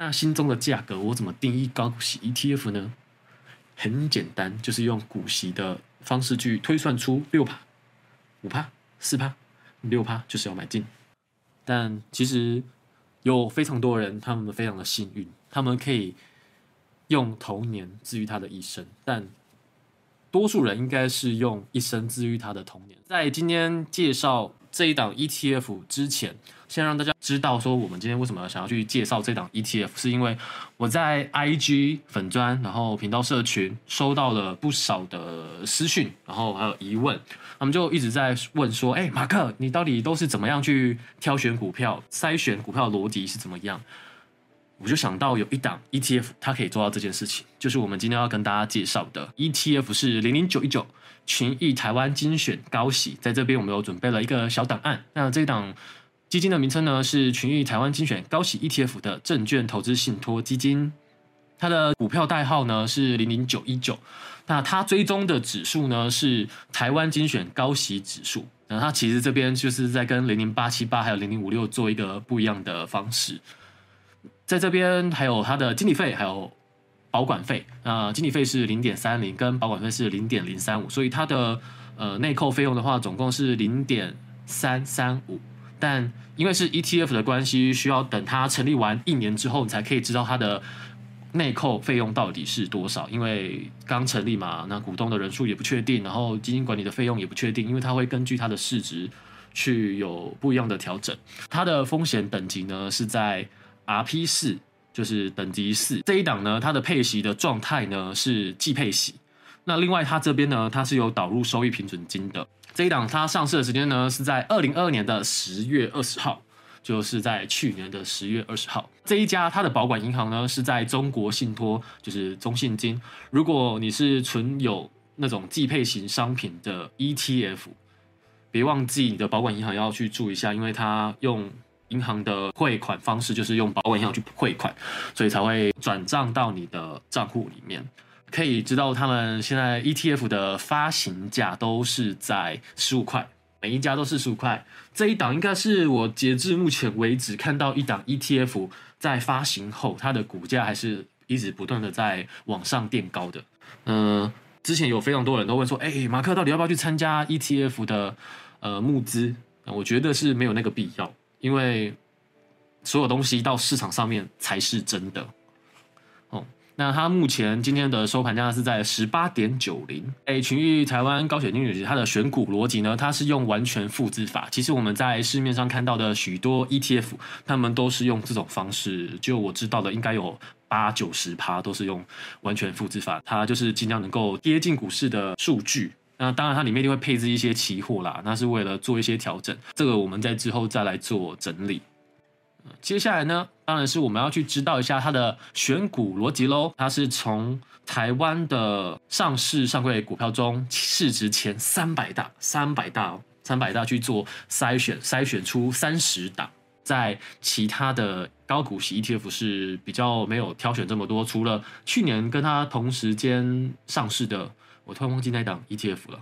那心中的價格，我怎麼定義高股息 ETF 呢？很簡單，就是用股息的方式去推算出六趴、五趴、四趴、六趴。就是要買進。但其實有非常多人，他們非常的幸運，他們可以用童年治癒他的一生。但多數人應該是用一生治癒他的童年。在今天介紹。這一檔 ETF 之前，先讓大家知道說，我們今天為什麼要想要去介紹這檔 ETF，是因為我在 IG 粉專、然後頻道社群收到了不少的私訊，然後還有疑問，他們就一直在問說，哎、欸，馬克，你到底都是怎麼樣去挑選股票、篩選股票邏輯是怎麼樣？我就想到有一檔 ETF，它可以做到這件事情，就是我們今天要跟大家介紹的 ETF 是零零九一九群益台灣精選高息。在這邊，我們有準備了一個小檔案。那這一檔基金的名稱呢是群益台灣精選高息 ETF 的證券投資信託基金，它的股票代號呢是零零九一九。那它追蹤的指數呢是台灣精選高息指數。那它其實這邊就是在跟零零八七八還有零零五六做一個不一樣的方式。在這邊還有它的經理費，還有保管費。那經理費是零點三零，跟保管費是零點零三五，所以它的呃內扣費用的話，總共是零點三三五。但因為是 ETF 的關係，需要等它成立完一年之後，你才可以知道它的內扣費用到底是多少。因為剛成立嘛，那股東的人數也不確定，然後基金管理的費用也不確定，因為它會根據它的市值去有不一樣的調整。它的風險等級呢是在。RP 四就是等級四這一檔呢，它的配息的狀態呢是季配息。那另外它這邊呢，它是有導入收益平準金的。這一檔它上市的時間呢是在二零二二年的十月二十號，就是在去年的十月二十號。這一家它的保管銀行呢是在中國信托，就是中信金。如果你是存有那種季配型商品的 ETF，別忘記你的保管銀行要去注意一下，因為它用。銀行的匯款方式就是用保管銀行去匯款，所以才會轉賬到你的賬戶裡面。可以知道，他們現在 ETF 的發行價都是在十五塊，每一家都是十五塊。這一檔應該是我截至目前為止看到一檔 ETF 在發行後，它的股價還是一直不斷的在往上墊高的。嗯、呃，之前有非常多人都問說，哎，馬克到底要不要去參加 ETF 的呃募資？我覺得是沒有那個必要。因為所有東西到市場上面才是真的哦。那它目前今天的收盤價是在十八點九零。欸，群益台灣精選高息他的選股邏輯呢？它是用完全複製法。其實我們在市面上看到的許多 ETF，他們都是用這種方式。就我知道的，應該有八九十趴都是用完全複製法。它就是盡量能夠貼近股市的數據。那當然，它裡面一定會配置一些期貨啦，那是為了做一些調整。這個我們在之後再來做整理。嗯，接下來呢，當然是我們要去知道一下它的選股邏輯嘍。它是從台灣的上市上櫃股票中市值前三百大、三百大，喔，三百大去做篩選，篩選出三十檔。在其他的高股息 ETF 是比較沒有挑選這麼多，除了去年跟它同時間上市的。我突然忘記那一檔 ETF 了，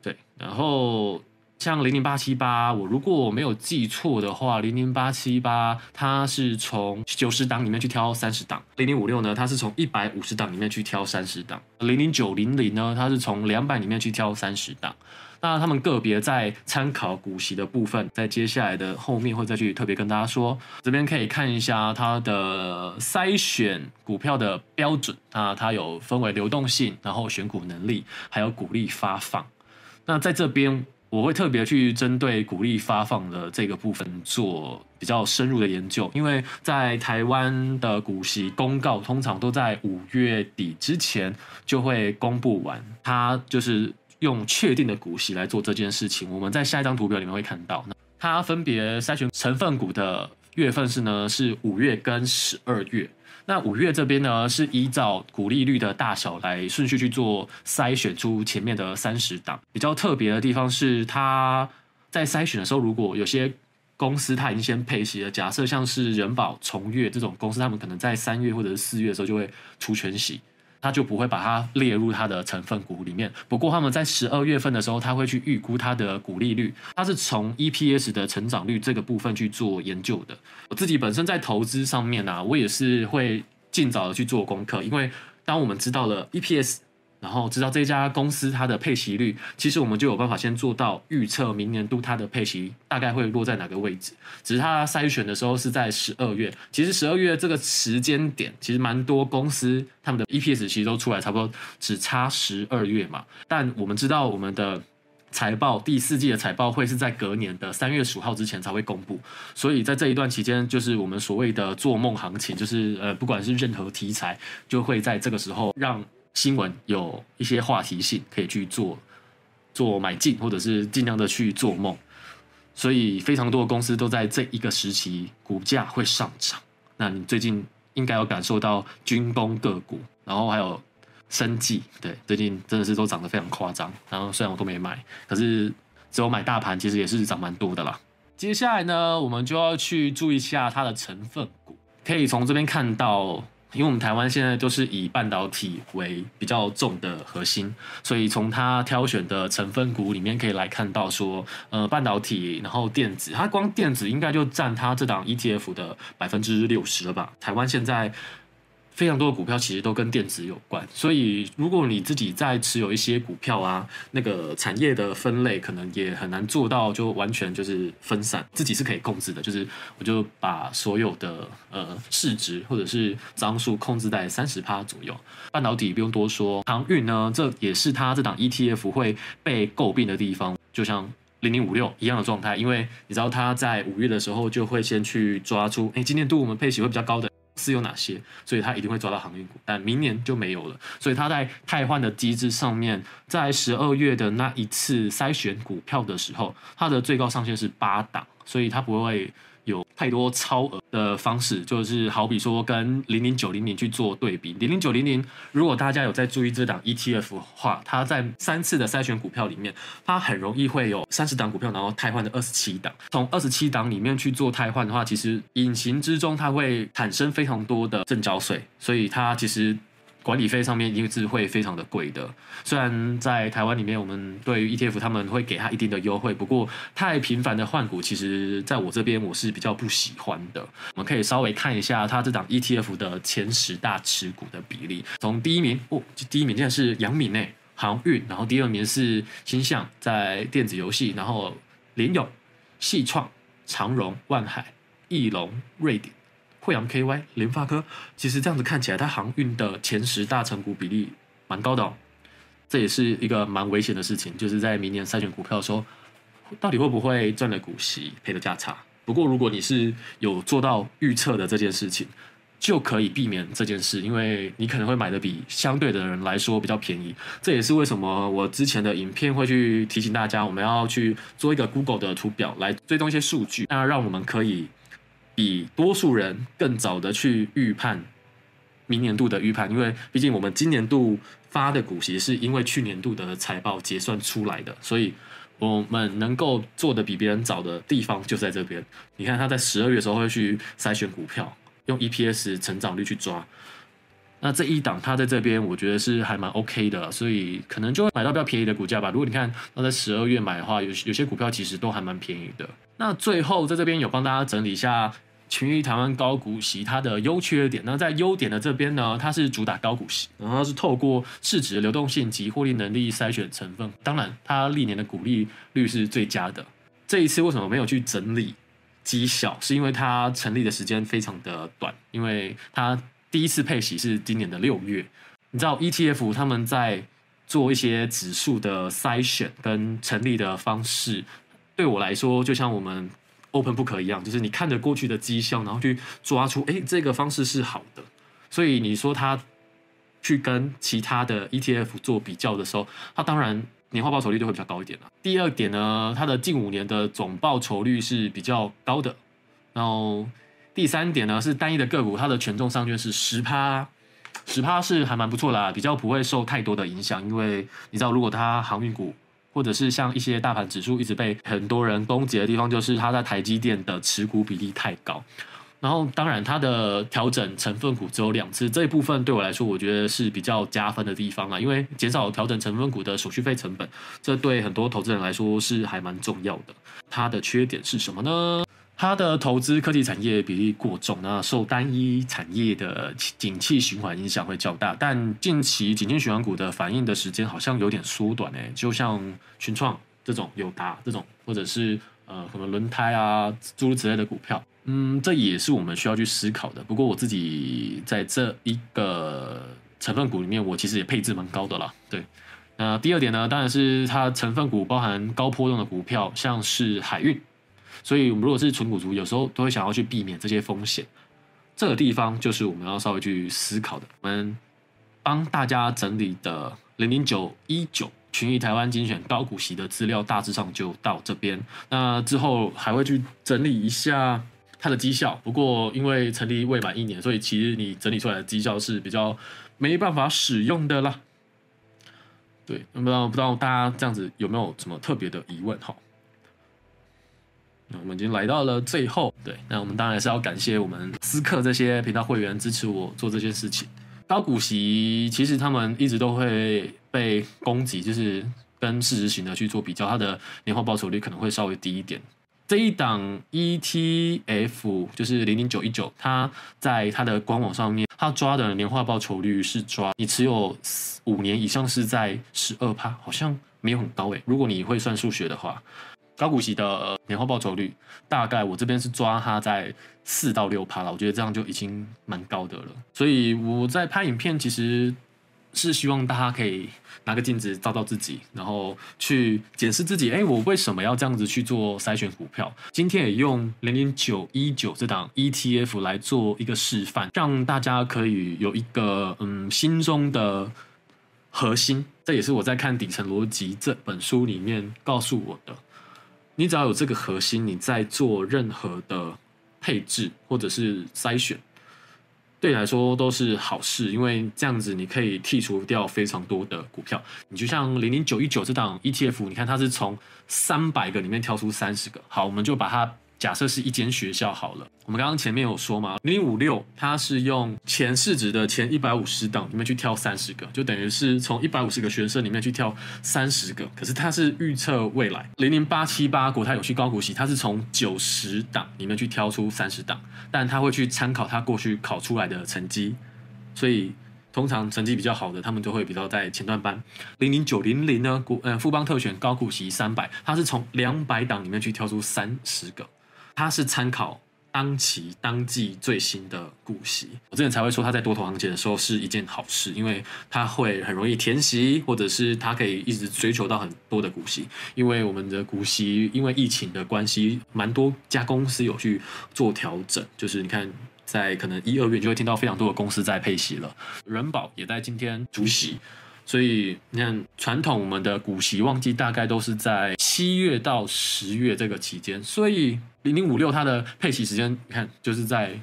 對，然後像零零八七八，我如果我沒有記錯的話，零零八七八它是從九十檔裡面去挑三十檔，零零五六呢，它是從一百五十檔裡面去挑三十檔，零零九零零呢，它是從兩百裡面去挑三十檔。那他們個別在參考股息的部分，在接下來的後面會再去特別跟大家說。這邊可以看一下它的篩選股票的標準，啊，它有分為流動性，然後選股能力，還有股利發放。那在這邊我會特別去針對股利發放的這個部分做比較深入的研究，因為在台灣的股息公告通常都在五月底之前就會公布完，它就是。用確定的股息來做這件事情，我們在下一張圖表裡面會看到。那它分別篩選成分股的月份是呢，是五月跟十二月。那五月這邊呢，是依照股利率的大小來順序去做篩選出前面的三十檔。比較特別的地方是，它在篩選的時候，如果有些公司它已經先配息了，假設像是人保、重月這種公司，他們可能在三月或者是四月的時候就會除權息。他就不會把它列入他的成分股裡面。不過他們在十二月份的時候，他會去預估它的股利率，它是從 EPS 的成長率這個部分去做研究的。我自己本身在投資上面啊，我也是會盡早的去做功課，因為當我們知道了 EPS。然後知道這家公司它的配息率，其實我們就有辦法先做到預測明年度它的配息大概會落在哪個位置。只是它篩選的時候是在十二月，其實十二月這個時間點其實蠻多公司他們的 EPS 其實都出來差不多，只差十二月嘛。但我們知道我們的財報第四季的財報會是在隔年的三月十五號之前才會公布，所以在這一段期間，就是我們所謂的做夢行情，就是呃，不管是任何題材，就會在這個時候讓。新聞有一些話題性，可以去做做買進，或者是儘量的去做夢。所以非常多的公司都在這一個時期股價會上漲。那你最近應該有感受到軍工個股，然後還有生技，對，最近真的是都漲得非常誇張。然後雖然我都沒買，可是只有買大盤，其實也是漲蠻多的啦。接下來呢，我們就要去注意一下它的成分股，可以從這邊看到。因為我們台灣現在就是以半導體為比較重的核心，所以從他挑選的成分股裡面可以來看到說，呃，半導體，然後電子，它光電子應該就佔它這檔 ETF 的百分之六十了吧？台灣現在。非常多的股票其實都跟電子有關，所以如果你自己在持有一些股票啊，那個產業的分類可能也很難做到就完全就是分散，自己是可以控制的，就是我就把所有的呃市值或者是張數控制在三十趴左右。半導體不用多說，航運呢，這也是它這檔 ETF 會被詬病的地方，就像零零五六一樣的狀態，因為你知道它在五月的時候就會先去抓出，哎，今年度我們配息會比較高的。是有哪些，所以它一定會抓到航運股，但明年就沒有了。所以它在汰換的機制上面，在十二月的那一次篩選股票的時候，它的最高上限是八檔，所以它不會。有太多超額的方式，就是好比說跟零零九零零去做對比，零零九零零如果大家有在注意這檔 ETF 的話，它在三次的篩選股票裡面，它很容易會有三十檔股票，然後汰換的二十七檔，從二十七檔裡面去做汰換的話，其實隱形之中它會產生非常多的證交稅，所以它其實。管理費上面一定是會非常的貴的，雖然在台灣裡面，我們對於 ETF 他們會給他一定的優惠，不過太頻繁的換股，其實在我這邊我是比較不喜歡的。我們可以稍微看一下它這檔 ETF 的前十大持股的比例，從第一名哦，第一名竟然是陽明誒，航運，然後第二名是星象，在電子遊戲，然後聯詠、矽創、長榮、萬海、義隆、瑞鼎。惠陽 KY 聯發科，其實這樣子看起來，它航運的前十大成分股比例蠻高的哦，這也是一個蠻危險的事情。就是在明年篩選股票的時候，到底會不會賺了股息，賠了價差？不過如果你是有做到預測的這件事情，就可以避免這件事，因為你可能會買的比相對的人來說比較便宜。這也是為什麼我之前的影片會去提醒大家，我們要去做一個 Google 的圖表來追蹤一些數據，那讓，讓我們可以，比多數人更早的去預判明年度的預判，因為畢竟我們今年度發的股息是因為去年度的財報結算出來的，所以我們能夠做的比別人早的地方就在這邊。你看他在十二月的時候會去篩選股票，用 EPS 成長率去抓。那這一檔他在這邊，我覺得是還蠻 OK 的，所以可能就會買到比較便宜的股價吧。如果你看他在十二月買的話，有有些股票其實都還蠻便宜的。那最後，在這邊有幫大家整理一下群益台灣高股息它的優缺點。那在優點的這邊呢，它是主打高股息，然後它是透過市值流動性及獲利能力篩選成分。當然，它歷年的股利率是最佳的。這一次為什麼沒有去整理績效？是因為它成立的時間非常的短，因為它第一次配息是今年的六月。你知道 ETF 他們在做一些指數的篩選跟成立的方式。對我來說，就像我們 open book 一樣，就是你看着過去的績效，然後去抓出，哎，這個方式是好的。所以你說他去跟其他的 ETF 做比較的時候，他當然年化報酬率就會比較高一點了。第二點呢，它的近五年的總報酬率是比較高的。然後第三點呢，是單一的個股，它的權重上限是十趴，十趴是還蠻不錯的啦，比較不會受太多的影響。因為你知道，如果它航運股。或者是像一些大盤指數一直被很多人攻擊的地方，就是它在台積電的持股比例太高。然後，當然它的調整成分股只有兩次，這一部分對我來說，我覺得是比較加分的地方啦。因為減少調整成分股的手續費成本，這對很多投資人來說是還蠻重要的。它的缺點是什麼呢？它的投資科技產業比例過重，那受單一產業的景氣循環影響會較大。但近期景氣循環股的反應的時間好像有點縮短誒，就像群創這種、友達這種，或者是呃什麼輪胎啊諸如此類的股票，嗯，這也是我們需要去思考的。不過我自己在這一個成分股裡面，我其實也配置蠻高的啦。對，那第二點呢，當然是它成分股包含高波動的股票，像是海運。所以，我們如果是純股族，有時候都會想要去避免這些風險。這個地方就是我們要稍微去思考的。我們幫大家整理的零零九一九群益台灣精選高股息的資料，大致上就到這邊。那之後還會去整理一下它的績效，不過因為成立未滿一年，所以其實你整理出來的績效是比較沒辦法使用的啦。對，那麼不知道大家這樣子有沒有什麼特別的疑問哈？我們已經來到了最後，對，那我們當然是要感謝我們思客這些頻道會員支持我做這件事情。高股息其實他們一直都會被攻擊，就是跟市值型的去做比較，它的年化報酬率可能會稍微低一點。這一檔 ETF 就是零零九一九，它在它的官網上面，它抓的年化報酬率是抓你持有五年以上是在十二趴，好像沒有很高哎。如果你會算數學的話。高股息的年化報酬率，大概我這邊是抓它在四到六趴了，我覺得這樣就已經蠻高的了。所以我在拍影片，其實是希望大家可以拿個鏡子照照自己，然後去檢視自己，哎，我為什麼要這樣子去做篩選股票？今天也用零零九一九這檔 ETF 來做一個示範，讓大家可以有一個嗯，心中的核心。這也是我在看《底層邏輯》這本書裡面告訴我的。你只要有這個核心，你再做任何的配置或者是篩選，對你來說都是好事，因為這樣子你可以剔除掉非常多的股票。你就像零零九一九這檔 ETF，你看它是從三百個裡面挑出三十個，好，我們就把它。假設是一間學校好了，我們剛剛前面有說嘛，零零五六，它是用前市值的前一百五十檔裡面去挑三十個，就等於是從一百五十個學生裡面去挑三十個。可是它是預測未來，零零八七八國泰永續高股息，它是從九十檔裡面去挑出三十檔，但它會去參考它過去考出來的成績，所以通常成績比較好的，他們就會比較在前段班。零零九零零呢，國呃富邦特選高股息三百，它是從兩百檔裡面去挑出三十個。它是參考當期當季最新的股息，我之前才會說它在多頭行情的時候是一件好事，因為它會很容易填息，或者是它可以一直追求到很多的股息。因為我們的股息，因為疫情的關係，蠻多家公司有去做調整，就是你看在可能一、二月就會聽到非常多的公司在配息了，人保也在今天除息，所以你看傳統我們的股息旺季大概都是在。七月到十月這個期間，所以零零五六它的配息時間，你看就是在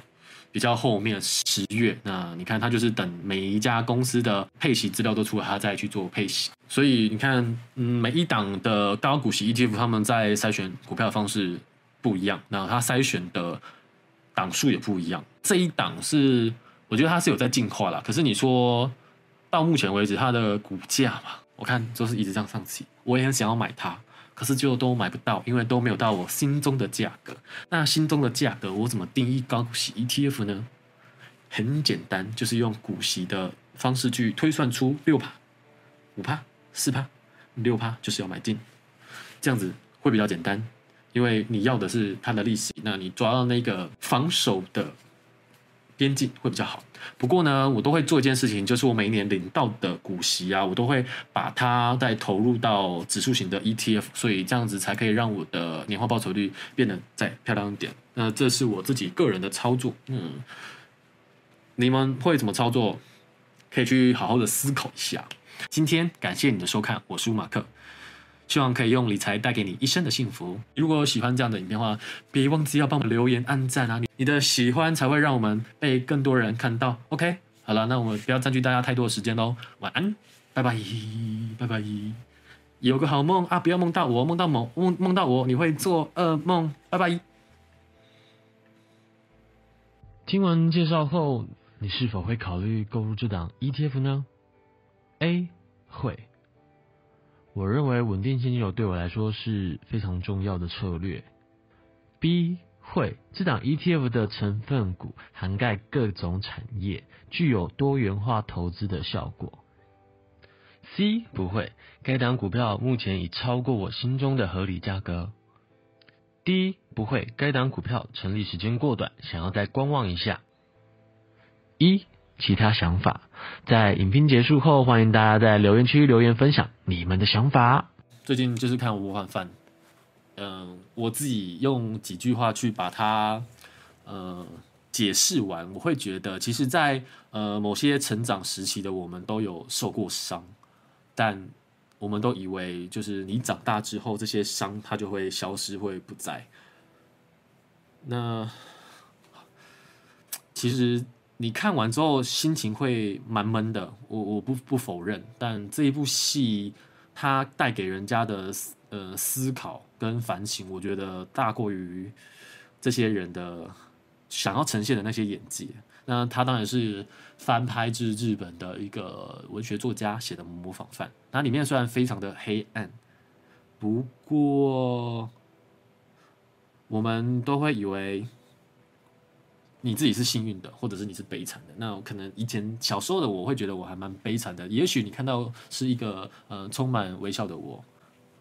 比較後面十月。那你看它就是等每一家公司的配息資料都出來，它再去做配息。所以你看，嗯，每一檔的高股息 ETF，他們在篩選股票的方式不一樣，那它篩選的檔數也不一樣。這一檔是我覺得它是有在進化啦，可是你說到目前為止它的股價嘛，我看就是一直這樣上去，我也很想要買它。可是就都買不到，因為都沒有到我心中的價格。那心中的價格我怎麼定義高股息 ETF 呢？很簡單，就是用股息的方式去推算出六趴、五趴、四趴、六趴，就是要買進，這樣子會比較簡單。因為你要的是它的利息，那你抓到那個防守的，邊際會比較好，不過呢，我都會做一件事情，就是我每一年領到的股息啊，我都會把它再投入到指數型的 ETF，所以這樣子才可以讓我的年化報酬率變得再漂亮一點。那這是我自己個人的操作，嗯，你們會怎麼操作？可以去好好的思考一下。今天感謝你的收看，我是吳馬克。希望可以用理財帶給你一生的幸福。如果喜歡這樣的影片的話，別忘記要幫我們留言、按讚啊！你的喜歡才會讓我們被更多人看到。OK，好了，那我們不要占據大家太多的時間嘍。晚安，拜拜，拜拜，有個好夢啊！不要夢到我，夢到某夢夢到我，你會做噩夢。拜拜。聽完介紹後，你是否會考慮購入這檔 ETF 呢？A 會。我認為穩定現金流對我來說是非常重要的策略。B 會，這檔 ETF 的成分股涵蓋各種產業，具有多元化投資的效果。C 不會，該檔股票目前已超過我心中的合理價格。D 不會，該檔股票成立時間過短，想要再觀望一下。E 其他想法，在影片結束後，歡迎大家在留言區留言分享你們的想法。最近就是看《五環飯》，嗯，我自己用幾句話去把它呃解釋完。我會覺得，其實在，在呃某些成長時期的我們都有受過傷，但我們都以為，就是你長大之後，這些傷它就會消失，會不在。那其實。你看完之後心情會蠻悶的，我我不不否認但這一部戲它帶給人家的呃思考跟反省，我覺得大過於這些人的想要呈現的那些演技。那它當然是翻拍自日本的一個文學作家寫的模仿犯，那裡面雖然非常的黑暗，不過我們都會以為。你自己是幸運的，或者是你是悲慘的？那可能以前小時候的我，我會覺得我還蠻悲慘的。也許你看到是一個呃充滿微笑的我，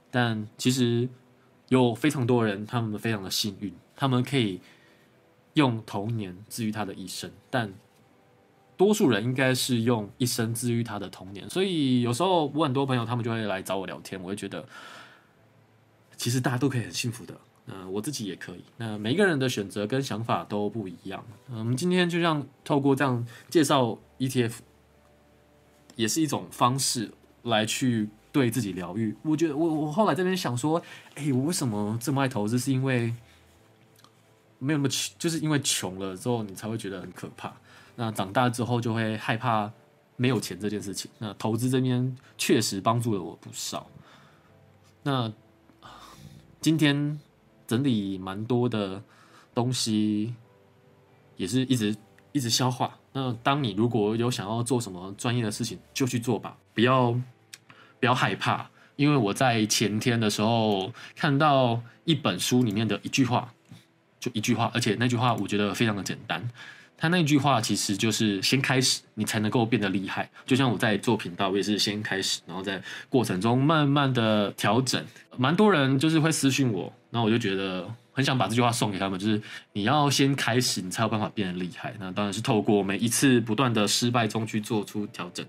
但其實有非常多人他們非常的幸運，他們可以用童年治癒他的一生，但多數人應該是用一生治癒他的童年。所以有時候我很多朋友他們就會來找我聊天，我會覺得其實大家都可以很幸福的。嗯，我自己也可以。那每一個人的選擇跟想法都不一樣。嗯，今天就像透過這樣介紹 ETF，也是一種方式來去對自己療癒。我覺得我，我我後來這邊想說，哎、欸，我為什麼這麼愛投資？是因為沒有那麼窮，就是因為窮了之後你才會覺得很可怕。那長大之後就會害怕沒有錢這件事情。那投資這邊確實幫助了我不少。那今天。整理蠻多的東西，也是一直一直消化。那當你如果有想要做什麼專業的事情，就去做吧，不要不要害怕。因為我在前天的時候看到一本書裡面的一句話，就一句話，而且那句話我覺得非常的簡單。他，那句話其實就是先開始，你才能夠變得厲害。就像我在做頻道，我也是先開始，然後在過程中慢慢的調整。蠻多人就是會私訊我，那我就覺得很想把這句話送給他們，就是你要先開始，你才有辦法變得厲害。那當然是透過每一次不斷的失敗中去做出調整。